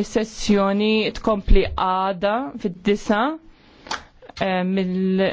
Is-sessjoni tkompli għada fid-disa eh, mill